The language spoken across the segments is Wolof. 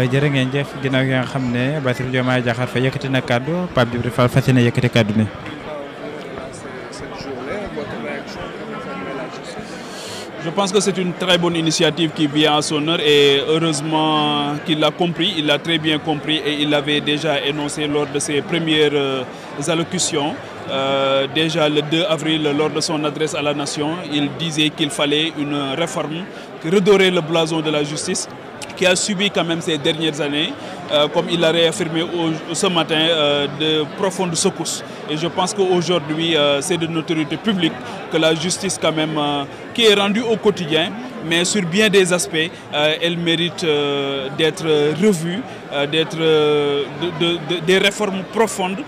Je pense que c'est une très bonne initiative qui vient à son heure et heureusement qu'il l'a compris, il l'a très bien compris et il l'avait déjà énoncé lors de ses premières euh, allocutions. Euh, déjà le 2 avril, lors de son adresse à la nation, il disait qu'il fallait une réforme, redorer le blason de la justice qui a subi quand même ces dernières années, euh, comme il l'a réaffirmé ce matin, euh, de profondes secousses. Et je pense qu'aujourd'hui, euh, c'est de notoriété publique que la justice quand même, qui est rendue au quotidien, mais sur bien des aspects, euh, elle mérite euh, d'être revue, euh, d'être des réformes profondes,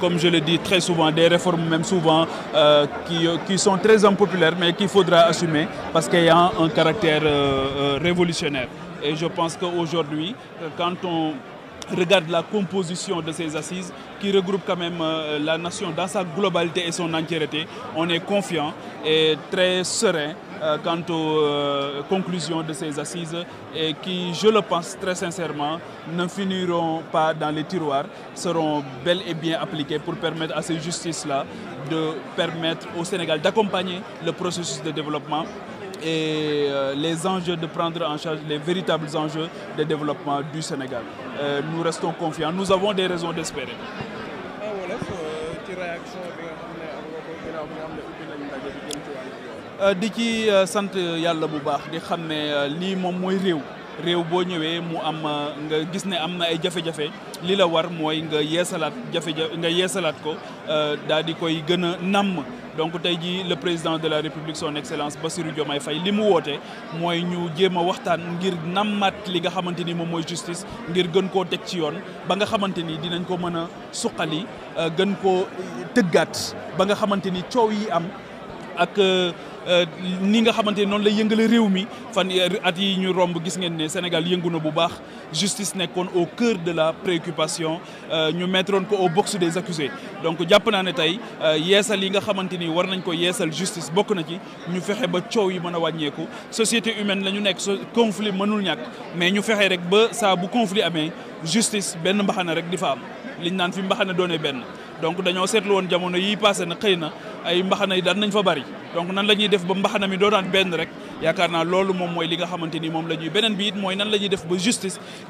comme je le dis très souvent, des réformes même souvent qui, sont très impopulaires, mais qu'il faudra assumer parce qu'elles ont un caractère révolutionnaire. Et je pense qu'aujourd'hui, quand on regarde la composition de ces assises qui regroupe quand même euh, la nation dans sa globalité et son entièreté, on est confiant et très serein euh, quant aux euh, conclusions de ces assises et qui, je le pense très sincèrement, ne finiront pas dans les tiroirs, seront bel et bien appliquées pour permettre à ces justices-là de permettre au Sénégal d'accompagner le processus de développement et euh, les enjeux de prendre en charge les véritables enjeux de développement du Sénégal. Euh, nous restons confiants, nous avons des raisons d'espérer. Euh, di ci euh, sante yalla bu baax di xam li mom moy rew rew bo ñewé mu am nga gis né am ay jafé jafé li la war moy nga yéssalat jafé nga yéssalat ko euh daal di koy gëna nam donc tey jii le président de la république son excellence Bassirou Diomaye fay li mu woote mooy ñu jéem a waxtaan ngir nammaat li nga xamante ni moom mooy justice ngir gën koo teg ci yoon ba nga xamante ni dinañ ko mën a suqali euh, gën koo tëggaat ba nga xamante ni coow yi am ak euh, ni nga xamante non la lay yëngale réew mi fan euh, at yi ñu romb gis ngeen ne Sénégal yëngu bu baax justice nekkoon au cœur de la préoccupation euh, ñu mettroon ko au box des accusés donc jàpp naa ne tey yeesal yi nga xamante ni war nañ ko yeesal justice bokk na ci ñu fexe ba coow yi mën a wàññeeku société humaine la ñu nekk conflit mënul ñàkk mais ñu fexe rek ba saa bu conflit amee justice benn mbaxana rek di fa am liñ naan fi mbaxana doone benn donc dañoo seetlu woon jamono yi passé na xëy na ay mbaxana yi daan nañ fa bari donc nan la ñuy def ba mbaxana mi doonaan benn rek yaakaar naa loolu moom mooy li nga xamante ni moom la ñuy beneen bi it mooy nan la ñuy def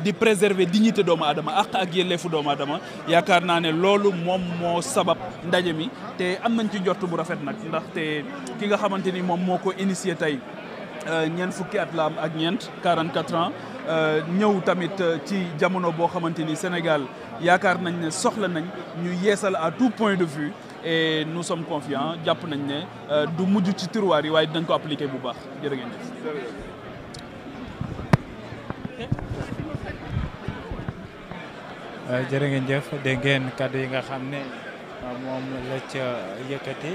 di préserver doomu aadama àq ak yelleefu doomu aadama yaakaar naa ne loolu moom moo sabab ndaje mi te am nañ ci jot bu rafet nag ndax te ki nga xamante ni moom moo ko initié tey Euh, ñeent fukki at la ak ñent 44 ans euh ñew tamit euh, ci jamono bo xamanteni Sénégal yaakar nañ ne soxla nañ ñu yéssal à tout point de vue et nous sommes confiants japp nañ ne euh, du mujj ci tiroir yi waaye dinañ ko appliquer bu baax jërë ngeen def. jërë ngeen jëf dégg ngeen kàddu yi nga xamné ne moom la ca yëkkati.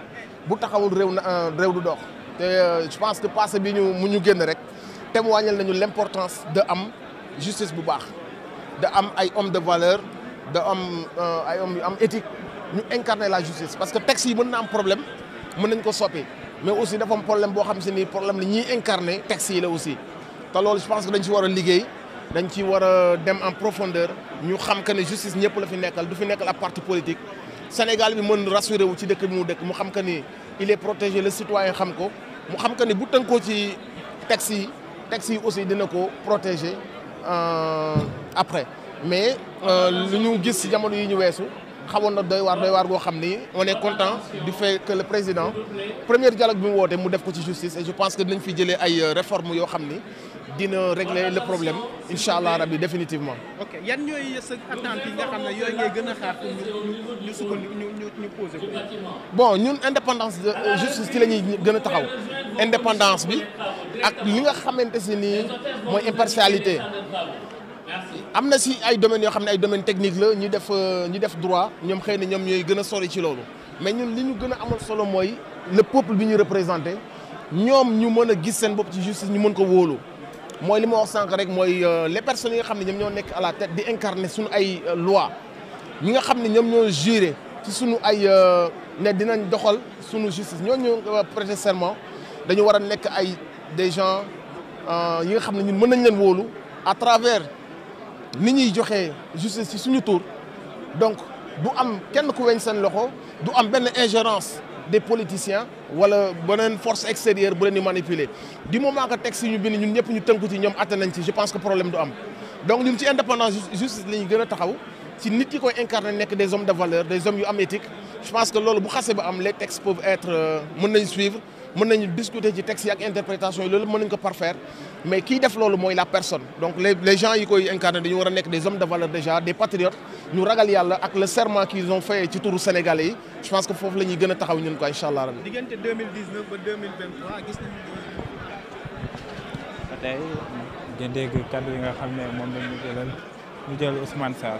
bu taxawul rew euh, rew du dox te euh, je pense que passer bi ñu mu ñu génn rek témoignal nañu l'importance de am justice bu baax de am ay homme de valeur de am euh, ay homme am éthique ñu incarner la justice parce que texte yi un na am problème mën nañ ko soppi mais aussi dafa am problème boo xam si ni problème ni ñuy incarner texte yi la aussi Alors, je pense que dañ ci war nous liggéey dañ ci dem en profondeur ñu xam que la justice n'est la fi nekkal du fi nekkal la parti politique Sénégal bi mën rassuré wu ci dëkk bi mu dëkk mu xam que ni il est protégé le citoyen xam ko mu xam que ni bu tënkoo ci taxi taxi aussi dina ko protéger euh, après mais euh, lu ñu gis ci jamono yi ñu weesu on est content du fait que le président premier dialogue fait justice et je pense que nous fi fait ay euh, réformes régler le problème Inch'Allah définitivement. ok indépendance de euh, la indépendance impartialité amna ci ay domaine yo xamné ay domaine technique la ñu def euh, ñu def droit ñom xeyna ñom ñoy gëna gën sori ci lolu mais ñun li ñu gëna amul solo moy le peuple bi ñu représenter ñom ñu mëna a gis seen bopp ci justice ñu mën ko wóolu moy li ma wax sank rek moy euh, les personnes yi xamné ñom ñoo nek à la tête di incarner suñu ay euh, loi ñi nga xamné ñom ñoo jurer ci suñu ay né dinañ doxal suñu justice ñoo ñu prêter serment dañu wara nek ay des gens yi nga xamné ñun mënañ leen wolu à travers ni ñuy juste justice ci suñu tour donc du am kenn ku weñ loxo am ingérence des politiciens wala une force extérieure bu nous manipuler du moment que texte textes ñu bind ñun ñep ñu pas ci à nañ je pense que problème du am donc ñun ci indépendance justice li ñu gëna si taxaw ci nit ki des hommes de valeur des hommes yu am je pense que bu ba am les textes peuvent être suivis. Euh, suivre on nañu discuter ci texte et ak interprétation ce loolu mën nañu ko parfaire mais qui def loolu c'est la personne donc les gens qui koy incarné dañu des hommes de valeur déjà des patriotes ñu ragal yàlla ak le serment qu'ils ont fait ci tour sénégalais je pense que foofu la ñuy gën le taxaw ñun ko incha allah. 2019 ba 2023 gis nañu. tey nga dégg kaddu yi nga entendu que vous la ñu jëlal ñu jël Ousmane Sarr.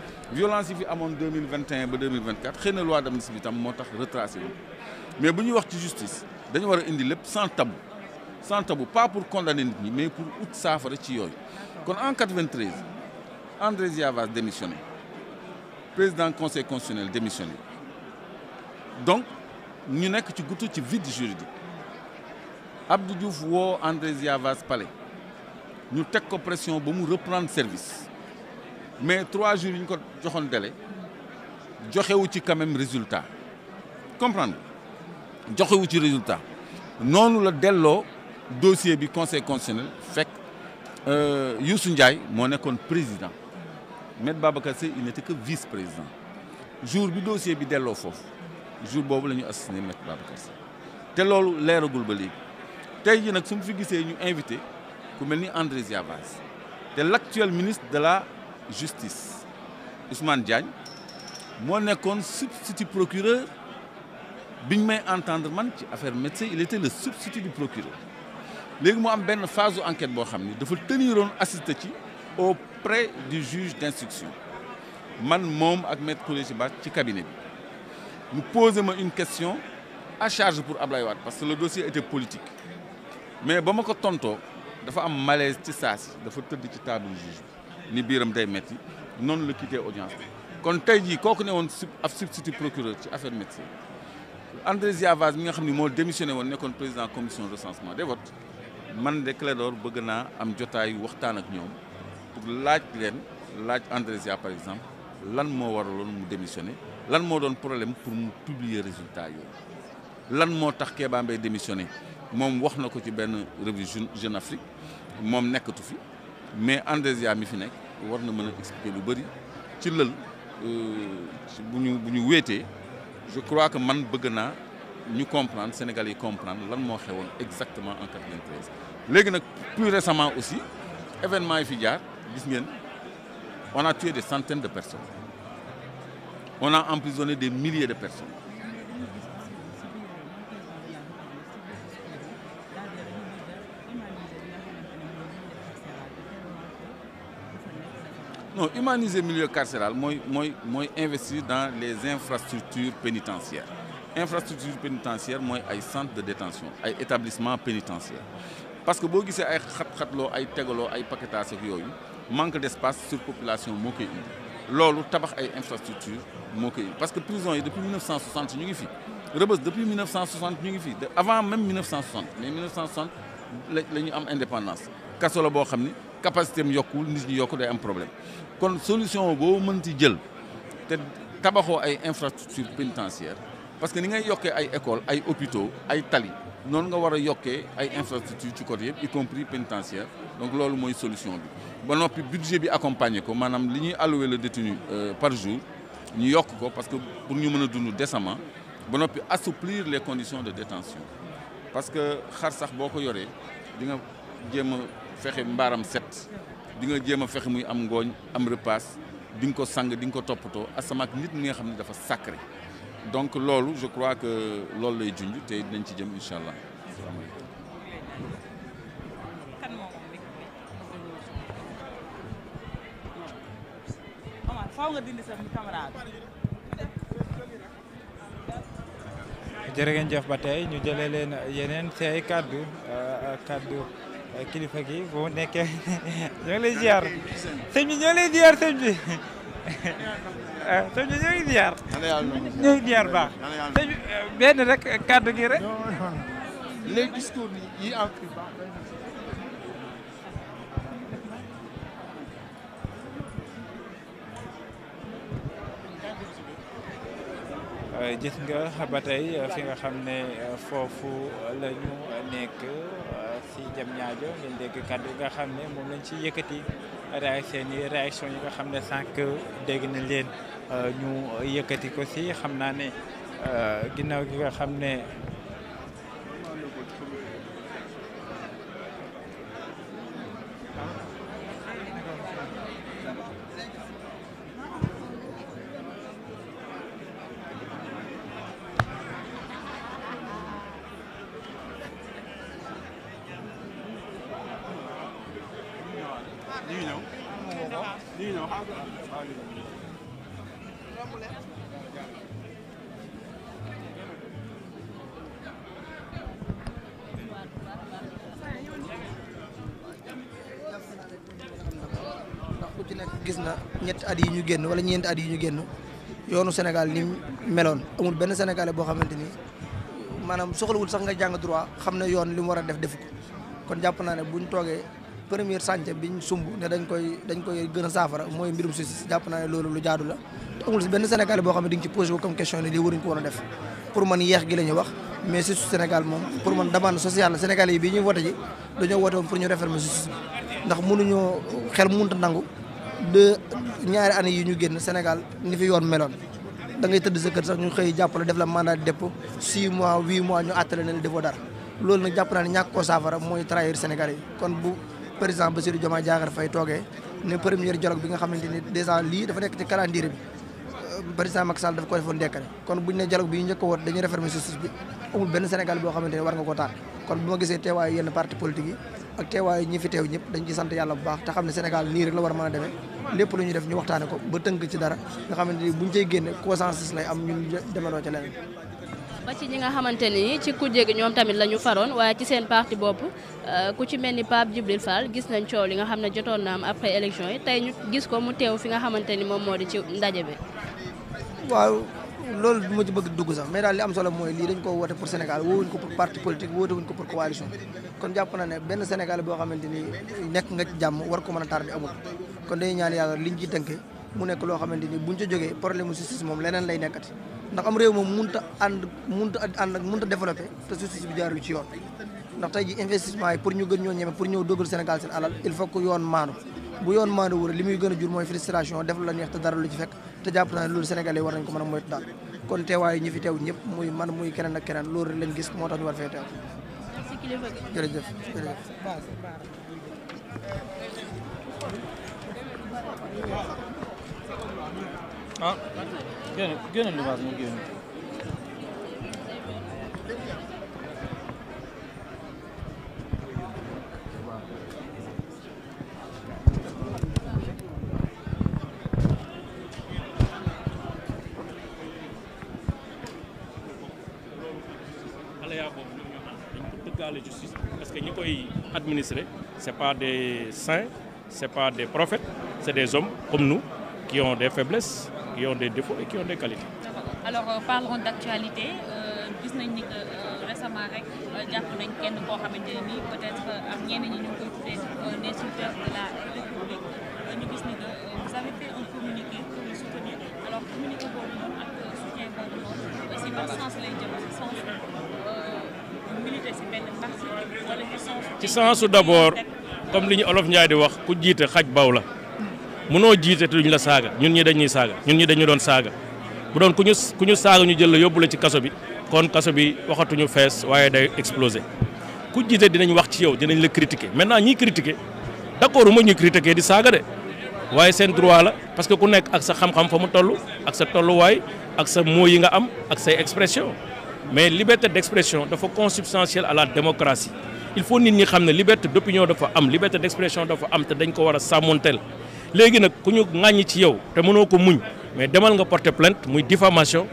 violence yi fi 2021 et 2024. ba a loi d'amnistie bi tam mais si nous wax justice nous devons sans tabou sans tabou pas pour condamner les gens mais pour faire saafara ci en 93 André Ziavas démissionné président du conseil constitutionnel démissionné donc nous sommes ci vide juridique Abdou Diouf André Ziavas palais avons avons la pression pour reprendre reprendre service mais trois jours yi ñu ko joxoon délai joxewu ci quand même résultat comprendre joxewu ci résultat noonu la le dossier bi conseil constitutionnel euh, Youssou Ndiaye moo nekkoon président Met Babacar il n'était que vice président jour bi dossier bi delloo foofu jour boobu la ñu assassiné Maître Babacar Seye te loolu leeragul ba léegi tey ji nag su fi ñu invité ku André Ziavaz l'actuel ministre de la justice Ousmane Diagne moo nekkoon substitut procureur biñ may entendre man ci affaire médecin il était le substitut du procureur il y am une phase d'enquête enquête boo xam tenir un assisté auprès du juge d'instruction man mom ak maître collège dans ci cabinet Il mu posé une question à charge pour Ablaye Wad, parce que le dossier était politique mais ba ma ko tontoo dafa am malaise ci saa si dafa tëdd ci juge ni biram day metti Non la quitter audience kon tay jii kooku ne af substitut procureur ci affaire metti Andrésia Vaz mi nga xamni mo moo démissionné woon président commission recensement des votes man de Clédor bëgg naa am jotaayu waxtaan ak ñom pour laaj leen laaj Andrésia par exemple lan moo waraloon mu démissionné lan mo don problème pour mu publier résultat yooyu lan mo tax Kéba Mbaye démissionné moom wax ko ci ben revue Jeune Afrique mom nekkatu fi mais Andrésia mi fi nekk je crois que man bëgg naa ñu comprendre Sénégal comprendre lan exactement en 93 plus récemment aussi événement yi fi jaar on a tué des centaines de personnes on a emprisonné des milliers de personnes non humaniser milieu carcéral moins investir dans les infrastructures pénitentiaires infrastructures pénitentiaires sont des centre de détention ay établissement pénitentiaire parce que si on ay des xatloo ay manque d'espace, sur surpopulation population. koy indi tabax infrastructure parce que prison est depuis 1960 ñu ngi fi depuis 1960 ñu ngi fi avant même 1960 mais 1960 nous avons l'indépendance. am indépendance la savez capacité am yokkuwul nit ñi yokk day am problème kon solution la mënti jël te a ay infrastructure pénitentiaire parce que ni ngay des ay école hôpitaux ay tali Nous nga war a ay infrastructure y compris pénitentiaire donc loolu mooy solution bi puis, noppi budget bi accompagner ko li ñuy allouer le détenu euh, par jour ñu yokk parce que pour nous mën nous décemment ba assouplir les conditions de détention parce que xar sax beaucoup ko yoree di fexe mbaram set di nga jéem a muy am ngooñ am repas di nga ko sang di nga ko topoto asamak nit mi nga xamni dafa sacré donc lolu je crois que lolu lay junj te dinañ ci djem inshallah jëm incha allah. jërë ngeen jëf ba tey ñu jëlee leen yeneen ci ay kàddu euh, kàddu. kilifa gi boo nekkee ñoo lay ziar sëñ ñoo lay ziar sëñ ñoo ngi ziar. ñoo ngi ziar baax. sëñ eh, benn rek eh, kàddu gi rek. les eh, nga ba fi nga xam ne foofu la nekk. si jam ñaajo ngeen dégg kàddu nga xam ne moom lañ ci yëkkati réaction yi yi nga xam ne sànq dégg nañ leen euh, ñu yëkkati ko si xam naa ne euh, ginnaaw gi nga xam ne ci nekk gis na ñetti at yi ñu génn wala ñeenti at yi ñu génn yoonu Sénégal ni meloon amul benn sénégalais boo xamante ni maanaam soxlawul sax nga jàng droit yoon def kon ne buñ premier chantier biñ sumbu ne dañ koy dañ koy gëna safara moy mbirum justice japp na lolu lu jaadu la amul ben benn sénégalais boo xam di nga ci poser comme question li lii ko wona def pour man yeex gi lañu wax mais surtout sénégal mom pour man demande sociale la sénégalais yi bi ñuy voté ji dañu voté pour ñu réformer justice ndax mënu ñu xel munta nangu de ñaari année yi ñu genn sénégal ni fi yoon melone da ngay teud sa keur sax ñu xey japp la def la mandat de dépôt six mois 8 mois ñu atalé ne la defoo dara loolu nag jàpp naa ñak ko safara moy trahir sénégalais kon bu président Bassirou Diomaye Diakhar Faye toogee ne premier dialogue bi nga xamante ni dèjà lii dafa nekk ci calendrier bi euh, président Macky Sall dafa ko defoon décret ne dialogue bi ñu njëkk a woot dañuy réformer justice bi amul benn Sénégal ne war nga ko taal kon bu ma gisee teewaayu yenn parti politique yi ak teewaayu ñi fi teew ñëpp dañ ci sant yàlla bu baax te la war a mën a demee lépp lu ñu def ñu waxtaane ko ba tënk ci dara nga xamante ni buñ cey génne consensus lay am ñun demanoo ca leneen ba ci ñi nga xamante ni ci kujje gi ñoom tamit la ñu faroon waaye seen parti Euh, ku ci mel ni Pape Djibril Fall gis nañ coow li nga xam ne jotoon na am après élection yi tey ñu gis ko mu teew fi nga xamante ni moom moo di ci ndaje bi. waaw loolu du ma ci bëgg dugg sax mais daal li am solo mooy lii dañ ko woote pour Sénégal woowuñ ko pour parti politique wootewuñ ko pour coalition kon jàpp na ne benn Sénégal boo xamante ni nekk nga jàmm war ko mën a tardé amul kon day ñaan yàlla liñ ci tënkee mu nekk loo xamante ni buñ ca jógee problème mu justice moom leneen lay nekkati ndax am réew moom mënut a ànd a ànd mënut a développé te bi jaarul ci yoon. ndax tey ji investissement yi pour ñu gën ñoo ñeme pour ñëw dëggal Sénégal seen alal il faut que yoon maanu bu yoon maanu wala li muy gën a jur mooy frustration def la neex te dara lu ci te jàpp naa ne loolu Sénégalais yi war nañ ko mën a moytu daal kon teewaayu ñi fi teew ñëpp muy man muy keneen ak keneen loolu lañ gis moo tax ñu war fee teew C'est ce n'est pas des saints, ce n'est pas des prophètes, c'est des hommes comme nous qui ont des faiblesses, qui ont des défauts et qui ont des qualités. Alors euh, parlons d'actualité. Euh, gis nañ ni que euh, récemment rek jàpp nañ kenn koo xamante peut-être am ñenn ñu de la République ñu gis ni que vous avez fait un communiqué pour le soutenir alors pour nous, avec ak soutien boobu noonu si ban sens ci sensu d'abord comme li ñu olof Njaay di wax ku jiite xaj baw la mënoo jiite te duñ la saaga ñun ñi dañuy saaga ñun ñi dañu doon saaga bu doon ku ñu ku ñu saaga ñu jël la yóbbu la ci kaso bi kon kaso bi waxatuñu fees waaye day exploser ku jiite dinañ wax ci yow dinañ la critiquer maintenant ñiy critiquer d'accord uma ñuy critiquer di saaga de waaye seen droit la parce que ku nekk ak sa xam-xam fa mu toll ak sa tolluwaay ak sa mots yi nga am ak say expression mais la liberté d'expression être consubstantielle à la démocratie il faut nous ñi que la liberté d'opinion dafa la liberté d'expression dafa am te dañ ko war a sàmmonteel léegi nag ku ci yow te mais demal nga porter plainte de diffamation